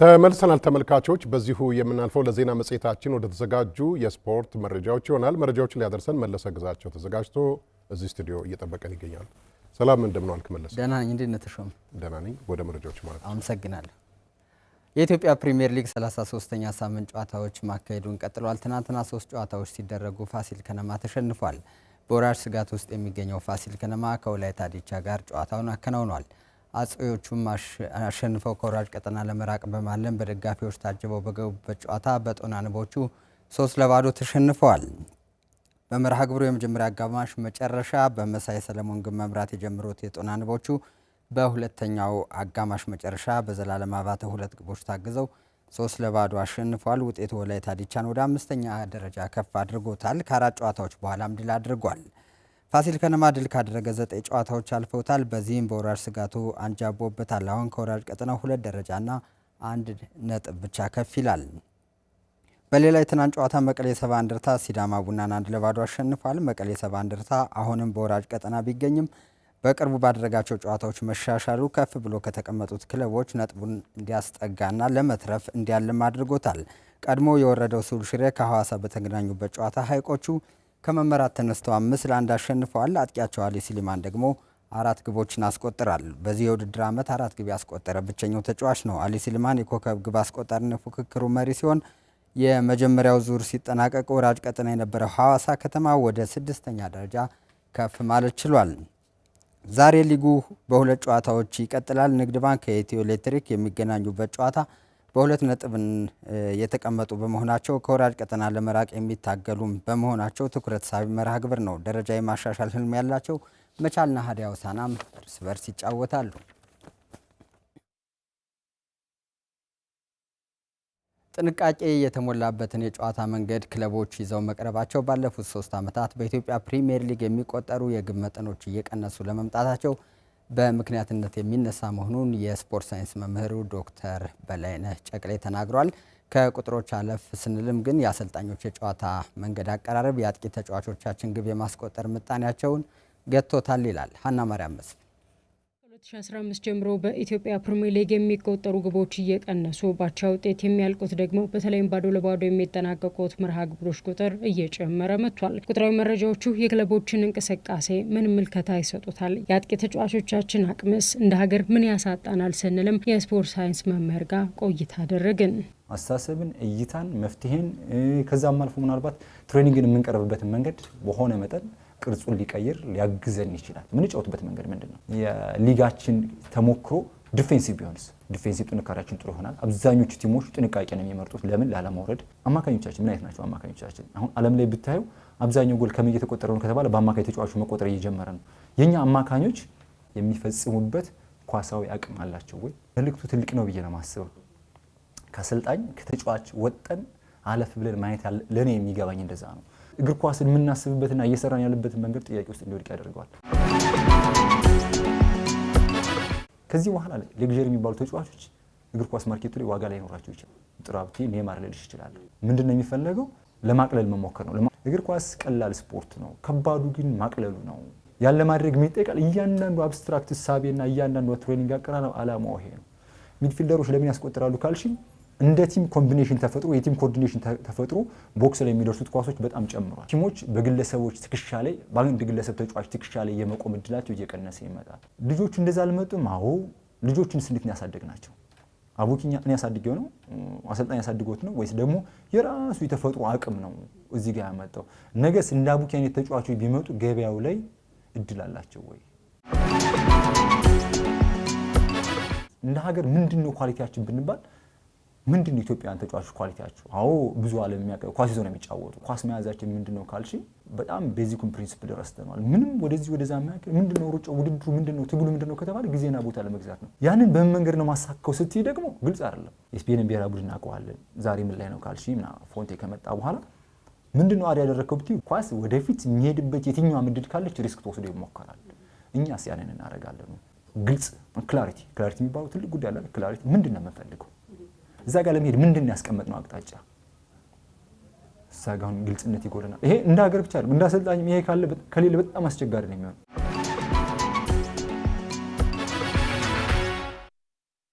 ተመልሰናል ተመልካቾች። በዚሁ የምናልፈው ለዜና መጽሔታችን ወደ ተዘጋጁ የስፖርት መረጃዎች ይሆናል። መረጃዎችን ሊያደርሰን መለሰ ግዛቸው ተዘጋጅቶ እዚህ ስቱዲዮ እየጠበቀን ይገኛል። ሰላም እንደምን ዋልክ መለሰ? ደህና ነኝ። እንዴት ነህ ተሾመ? ደህና ነኝ። ወደ መረጃዎች ማለት ነው። አመሰግናለሁ። የኢትዮጵያ ፕሪምየር ሊግ 33ኛ ሳምንት ጨዋታዎች ማካሄዱን ቀጥሏል። ትናንትና ሶስት ጨዋታዎች ሲደረጉ ፋሲል ከነማ ተሸንፏል። በወራጅ ስጋት ውስጥ የሚገኘው ፋሲል ከነማ ከወላይታ ዲቻ ጋር ጨዋታውን አከናውኗል። አጼዎቹም አሸንፈው ከወራጅ ቀጠና ለመራቅ በማለም በደጋፊዎች ታጅበው በገቡበት ጨዋታ በጦና ንቦቹ ሶስት ለባዶ ተሸንፈዋል። በመርሃ ግብሩ የመጀመሪያ አጋማሽ መጨረሻ በመሳይ ሰለሞን ግን መምራት የጀመሩት የጦና ንቦቹ በሁለተኛው አጋማሽ መጨረሻ በዘላለም አባተ ሁለት ግቦች ታግዘው ሶስት ለባዶ አሸንፏል። ውጤቱ ወላይታ ዲቻን ወደ አምስተኛ ደረጃ ከፍ አድርጎታል። ከአራት ጨዋታዎች በኋላም ድል አድርጓል። ፋሲል ከነማ ድል ካደረገ ዘጠኝ ጨዋታዎች አልፈውታል። በዚህም በወራጅ ስጋቱ አንጃቦበታል። አሁን ከወራጅ ቀጠናው ሁለት ደረጃና አንድ ነጥብ ብቻ ከፍ ይላል። በሌላ የትናንት ጨዋታ መቀሌ ሰባ እንደርታ ሲዳማ ቡናን አንድ ለባዶ አሸንፏል። መቀሌ ሰባ እንደርታ አሁንም በወራጅ ቀጠና ቢገኝም በቅርቡ ባደረጋቸው ጨዋታዎች መሻሻሉ ከፍ ብሎ ከተቀመጡት ክለቦች ነጥቡን እንዲያስጠጋና ለመትረፍ እንዲያልም አድርጎታል። ቀድሞ የወረደው ሱል ሽሬ ከሐዋሳ በተገናኙበት ጨዋታ ሀይቆቹ ከመመራት ተነስተው አምስት ለአንድ አሸንፈዋል። አጥቂያቸው አሊ ስሊማን ደግሞ አራት ግቦችን አስቆጥራል በዚህ የውድድር ዓመት አራት ግብ ያስቆጠረ ብቸኛው ተጫዋች ነው። አሊ ሲሊማን የኮከብ ግብ አስቆጣሪነት ፉክክሩ መሪ ሲሆን የመጀመሪያው ዙር ሲጠናቀቅ ወራጅ ቀጠና የነበረው ሐዋሳ ከተማ ወደ ስድስተኛ ደረጃ ከፍ ማለት ችሏል። ዛሬ ሊጉ በሁለት ጨዋታዎች ይቀጥላል። ንግድ ባንክ ከኢትዮ ኤሌክትሪክ የሚገናኙበት ጨዋታ በሁለት ነጥብ የተቀመጡ በመሆናቸው ከወራጅ ቀጠና ለመራቅ የሚታገሉም በመሆናቸው ትኩረት ሳቢ መርሃ ግብር ነው። ደረጃ የማሻሻል ህልም ያላቸው መቻልና ሀዲያ ሆሳዕናም እርስ በርስ ይጫወታሉ። ጥንቃቄ የተሞላበትን የጨዋታ መንገድ ክለቦች ይዘው መቅረባቸው ባለፉት ሶስት ዓመታት በኢትዮጵያ ፕሪምየር ሊግ የሚቆጠሩ የግብ መጠኖች እየቀነሱ ለመምጣታቸው በምክንያትነት የሚነሳ መሆኑን የስፖርት ሳይንስ መምህሩ ዶክተር በላይነህ ጨቅሌ ተናግሯል። ከቁጥሮች አለፍ ስንልም ግን የአሰልጣኞች የጨዋታ መንገድ አቀራረብ የአጥቂ ተጫዋቾቻችን ግብ የማስቆጠር ምጣኔያቸውን ገጥቶታል ይላል ሀና ማርያም መስፍን። 2015 ጀምሮ በኢትዮጵያ ፕሪሚየር ሊግ የሚቆጠሩ ግቦች እየቀነሱ ባቻ ውጤት የሚያልቁት ደግሞ በተለይም ባዶ ለባዶ የሚጠናቀቁት መርሃ ግብሮች ቁጥር እየጨመረ መጥቷል። ቁጥራዊ መረጃዎቹ የክለቦችን እንቅስቃሴ ምን ምልከታ ይሰጡታል? የአጥቂ ተጫዋቾቻችን አቅምስ እንደ ሀገር ምን ያሳጣናል? ስንልም የስፖርት ሳይንስ መምህር ጋር ቆይታ አደረግን። አስተሳሰብን፣ እይታን፣ መፍትሄን ከዛም አልፎ ምናልባት ትሬኒንግን የምንቀርብበትን መንገድ በሆነ መጠን ቅርጹን ሊቀይር ሊያግዘን ይችላል። የምንጫወትበት መንገድ ምንድን ነው? የሊጋችን ተሞክሮ ዲፌንሲቭ ቢሆንስ? ዲፌንሲቭ ጥንካሬያችን ጥሩ ይሆናል። አብዛኞቹ ቲሞች ጥንቃቄ ነው የሚመርጡት። ለምን? ላለማውረድ። አማካኞቻችን ምን አይነት ናቸው? አማካኞቻችን አሁን ዓለም ላይ ብታዩ አብዛኛው ጎል ከምን እየተቆጠረ ነው ከተባለ በአማካኝ ተጫዋቹ መቆጠር እየጀመረ ነው። የእኛ አማካኞች የሚፈጽሙበት ኳሳዊ አቅም አላቸው ወይ? መልእክቱ ትልቅ ነው ብዬ ለማስበው ከአሰልጣኝ ከተጫዋች ወጠን አለፍ ብለን ማየት ለእኔ የሚገባኝ እንደዛ ነው። እግር ኳስን የምናስብበትና እየሰራን ያለበትን መንገድ ጥያቄ ውስጥ እንዲወድቅ ያደርገዋል። ከዚህ በኋላ ሌግዥር የሚባሉ ተጫዋቾች እግር ኳስ ማርኬቱ ላይ ዋጋ ላይ ኖራቸው ይችላል። ጥራብቲ ኔማር ልልሽ ይችላል። ምንድን ነው የሚፈለገው? ለማቅለል መሞከር ነው። እግር ኳስ ቀላል ስፖርት ነው። ከባዱ ግን ማቅለሉ ነው። ያለ ማድረግ ምን እያንዳንዱ አብስትራክት ሳቤና እያንዳንዱ ትሬኒንግ አቀራረብ አላማው ይሄ ነው። ሚድፊልደሮች ለምን ያስቆጥራሉ ካልሽኝ እንደ ቲም ኮምቢኔሽን ተፈጥሮ የቲም ኮኦርዲኔሽን ተፈጥሮ ቦክስ ላይ የሚደርሱት ኳሶች በጣም ጨምሯል። ቲሞች በግለሰቦች ትከሻ ላይ በአንድ ግለሰብ ተጫዋች ትከሻ ላይ የመቆም እድላቸው እየቀነሰ ይመጣል። ልጆቹ እንደዛ አልመጡም። አዎ ልጆቹን ስንት ያሳደግ ናቸው። አቡኪኛ እኔ ያሳድገው ነው አሰልጣኝ ያሳድጎት ነው ወይስ ደግሞ የራሱ የተፈጥሮ አቅም ነው እዚህ ጋር ያመጣው? ነገስ እንደ አቡኪ አይነት ተጫዋቾች ቢመጡ ገበያው ላይ እድል አላቸው ወይ? እንደ ሀገር ምንድን ነው ኳሊቲያችን ብንባል ምንድን ኢትዮጵያን ተጫዋቾች ኳሊቲያቸው? አዎ ብዙ ዓለም የሚያውቀው ኳስ ይዞ ነው የሚጫወቱ። ኳስ መያዛችን ምንድን ነው ካልሽ በጣም ቤዚኩን ፕሪንስፕል ረስተነዋል። ምንም ወደዚህ ወደዛ የሚያውቅ ምንድን ነው ሩጫው፣ ውድድሩ ምንድን ነው፣ ትግሉ ምንድን ነው ከተባለ ጊዜና ቦታ ለመግዛት ነው። ያንን በምን መንገድ ነው ማሳካው ስትይ ደግሞ ግልጽ አይደለም። የስፔንን ብሔራዊ ቡድን እናውቀዋለን። ዛሬ ምን ላይ ነው ካልሽ ፎንቴ ከመጣ በኋላ ምንድን ነው አድ ያደረግከው ብትይ ኳስ ወደፊት የሚሄድበት የትኛዋ ምድድ ካለች ሪስክ ተወስዶ ይሞከራል። እኛስ ያንን እናደርጋለን። ግልጽ ክላሪቲ፣ ክላሪቲ የሚባለው ትልቅ ጉዳይ አለ። ክላሪቲ ምንድን ነው የምንፈልገው እዛ ጋር ለመሄድ ምንድን ያስቀመጥ ነው አቅጣጫ እዛ ጋር አሁን ግልጽነት ይጎለናል። ይሄ እንደ ሀገር ብቻ ነው፣ እንደ አሰልጣኝም ይሄ ካለ ከሌለ በጣም አስቸጋሪ ነው የሚሆነው።